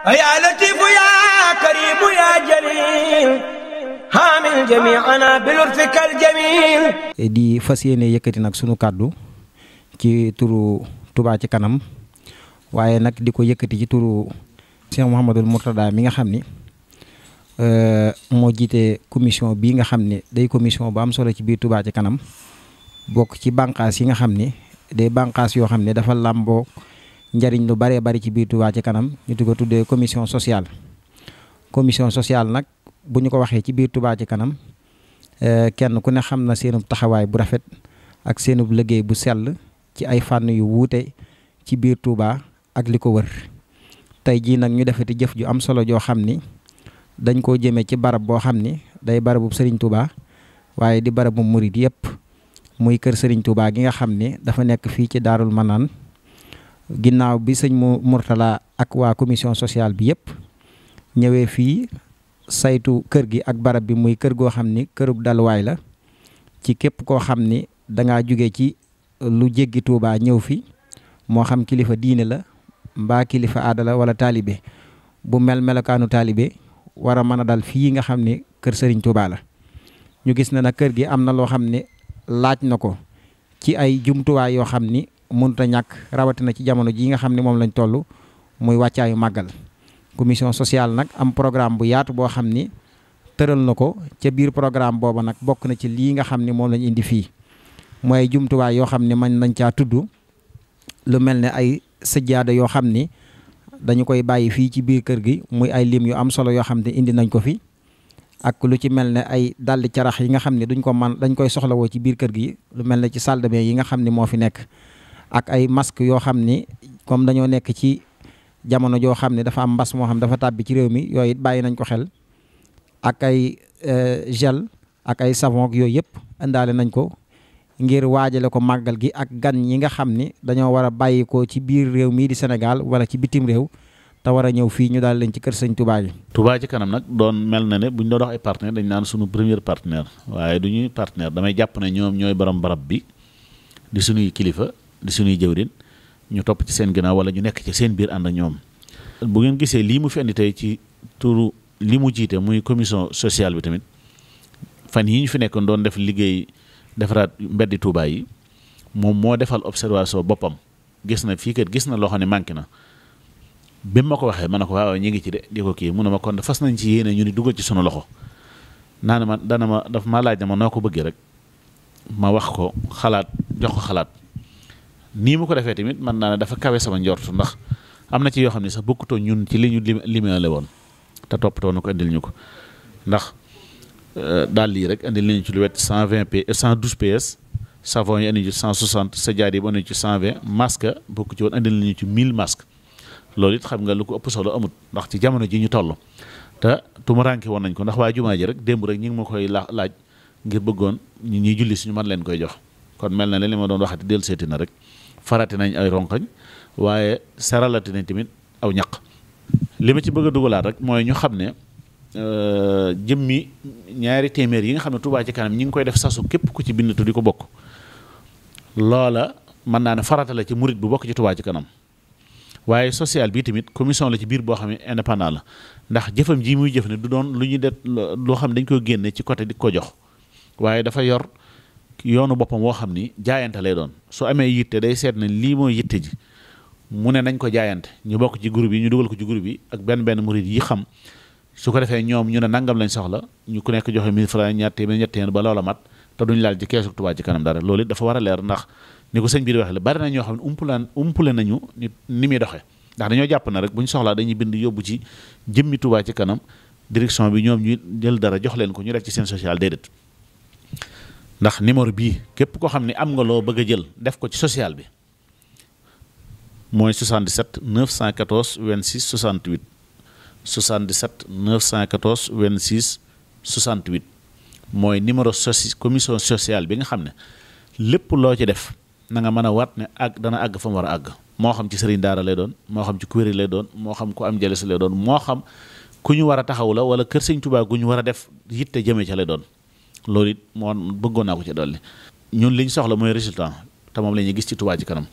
يا لطيف يا كريم يا جليل حامل جميعنا بلطفك الجميل di fas yéene yëkkati nag sunu kàddu ci turu tubaa ci kanam waaye nag di ko yëkkati ci turu Cheikh Mouhamadul Mourtada mi nga xam ni e, moo jiite commission bii nga xam ne day commission bu am solo ci biir tubaa ci kanam bokk ci bànqaas yi nga xam ni day banqaas yoo xam ne dafa làmboo njariñ lu baree bari ci biir Touba ci kanam ñu di ko tuddee commission sociale commission sociale nag bu ñu ko waxee ci biir Touba ci kanam eh, kenn ku ne xam na seenub taxawaay bu rafet ak seenub liggéey bu sell ci ay fànn yu wuute ci biir Touba ak li ko wër tey jii nag ñu defee defati jëf ju am solo joo xam ni dañ koo jëmee ci barab boo xam ni day barabu sëriñ Touba waaye di barabu murid yëpp muy kër sëriñ Touba gi nga xam ni dafa nekk fii ci Daarul Manaan ginnaaw bi sëñ mu Mourtala ak waa commission sociale bi yëpp ñëwee fii saytu kër gi ak barab bi muy kër goo xam ni kërug dalwaay la ci képp koo xam ni dangaa jóge ci lu jéggi Tuubaa ñëw fi moo xam kilifa diine la mbaa kilifa aadala la wala taalibe bu mel melokaanu taalibe war a mën a dal fii nga xam ni kër sëriñ Tuubaa la ñu gis na nag kër gi am na loo xam ne laaj na ko ci ay jumtuwaay yoo xam ni mënut ñàkk rawatina ci jamono jii nga xam ne moom lañu toll muy wàccaayu màggal commission sociale nag am programme bu yaatu boo xam ni tëral na ko ca biir programme booba nag bokk na ci lii nga xam ni moom lañ indi fii mooy jumtuwaay yoo xam ne mën nañ caa tudd lu mel ne ay sëjjaada yoo xam ni dañu koy bàyyi fii ci biir kër gi muy ay lim yu am solo yoo xam ne indi nañ ko fi ak lu ci mel ne ay daldi carax yi nga xam ne duñ ko man dañ koy soxlawoo ci biir kër gi lu mel ne ci salle yi nga xam ne moo fi nekk ak ay masque yoo xam ni comme dañoo nekk ci jamono joo xam ne dafa am mbas moo xam dafa tàbbi ci réew mi yooyu it bàyyi nañ ko xel ak ay euh, gel ak ay savon ak yooyu yëpp indaale nañ ko ngir waajale ko màggal gi ak gan ñi nga xam ni dañoo war a bàyyi ko ci biir réew mii di Sénégal wala ci bitim réew te war a ñëw fii ñu daal leen ci kër sëñ Touba yi. Touba ci kanam nag doon mel na ne buñ ñu doon wax ay partenaire dañ naan suñu première partenaire waaye du ñuy partenaire jàpp ne ñoom ñooy borom barab bi di suñuy kilifa. di suñuy jëwrin ñu topp ci seen ginaaw wala ñu nekk ci seen biir ànd ak ñoom bu ngeen gisee lii mu fi andi ci turu lii mu jiite muy commission sociale bi tamit fan yi ñu fi nekkoon doon def liggéey defaraat mbeddi Touba yi moom moo defal observation boppam gis na fii kat gis na loo xam ne manqué na bi ma ko waxee ma ne ko waaw ñu ngi ci de di ko kii mu ne ma kon fas nañ ci yéene ñu ni dugal ci sunu loxo naa ne ma dana ma daf ma laaj na ma noo ko bëggee rek ma wax ko xalaat jox nii mu ko defee tamit mën naa ne dafa kawe sama njortu ndax am na ci yoo xam ne sax bokkutoo ñun ci li ñu limaale woon te toppatoo na ko indil ñu ko ndax euh, daal lii rek indil nañu ci lu wet cent vingt euh, cent douze ps savon yi indi ci cent sa jaar yi ba indi ci cent vingt masque bokk ci woon indil nañu ci mille masque loolu it xam nga lu ko ëpp solo amut ndax ci jamono ji ñu toll te tumuraanke woon nañ ko ndax waa jumaa ji rek démb rek ñi ngi ma koy laaj ngir bëggoon ñi ñuy julli suñu man leen koy jox kon mel na leen li ma doon waxati dellu seeti na rek farati nañ ay ronkañ waaye saralati nañ tamit aw ñaq li ma ci bëgg a dugalaat rek mooy ñu xam ne euh, jëmmi ñaari téeméer yi nga xam ne Touba ci kanam ñi ngi koy def sasu képp ku ci bindatu di ko bokk loola mën naa ne farata ci murit bu bokk ci Touba ci kanam waaye social bi tamit commission la ci biir boo xam ne indépendant la ndax jëfam ji muy jëf ne du doon lu ñuy de loo xam ne dañ koy génne ci côté di ko jox waaye dafa yor yoonu boppam woo xam ni jaayante lay doon su amee yitte day seet ne lii mooy yitte ji mu ne nañ ko jaayante ñu bokk ci groupe yi ñu dugal ko ci groupe yi ak benn benn murid yi xam su ko defee ñoom ñu ne nangam lañ soxla ñu ku nekk joxe 1000 francs ñaar téeméer ba loola mat te duñ laal ci keesu kanam dara loolu dafa war a ndax ni ko sëñ biir waxee la bari na ñoo xam ne umpulaan umpule nañu ni muy doxee ndax dañoo jàpp na rek bu ñu soxlaa dañuy bind yóbbu ci jëmmi Touba ci kanam direction bi ñoom ñu jël dara jox leen ko ñu def ci seen social déedéet ndax numéro bii képp koo xam ne am nga loo bëgg a jël def ko ci sociale bi mooy 77 914 26 68 77 914 26 68 mooy numéro soci commission sociale bi nga xam ne lépp loo ci def na nga mën a wat ne àgg dana àgg fa mu war a àgg moo xam ci sëriñ daara lay doon moo xam ci kuréel lay doon moo xam ku am jalis lay doon moo xam ku ñu war a taxaw la wala kër sëñ tubaab gu ñu war a def yitte jëmee ca lay doon loolu it moo bëggoon naa ko ci dolli ñun liñ soxla mooy résultat te moom la ñuy gis ci Touba ci kanam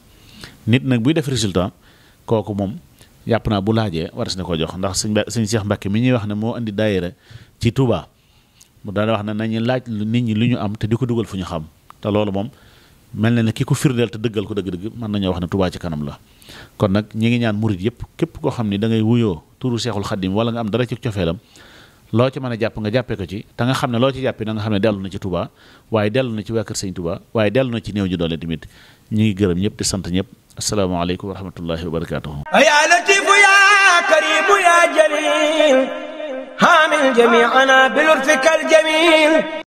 nit nag buy def résultat kooku moom yàpp naa bu laajee war na ko jox ndax suñ suñ Seex Mbàkke mi ñuy wax ne moo indi daayira ci Touba mu daal wax ne nañu laaj nit ñi lu ñu am te di ko dugal fu ñu xam te loolu moom mel na ne ki ko firndeel te dëggal ko dëgg-dëgg mën nañoo wax ne Touba ci kanam la kon nag ñi ngi ñaan murit yëpp képp koo xam ni da ngay wuyoo turu Seexul Xaddim wala nga am dara ci cofeelam loo ci mën a jàpp nga jàppee ko ci te nga xam ne loo ci jàppee na nga xam ne dellu na ci Touba waaye dellu na ci waa Kër Sëñ Touba waaye dellu na ci néew ñu doole tamit ñu ngi gërëm ñëpp di sant ñëpp asalaamaaleykum wa rahmatullahi wa barakaatuhu. yaa latifu yaa karimu yaa jalil haamil jamiana bilurfikal jamil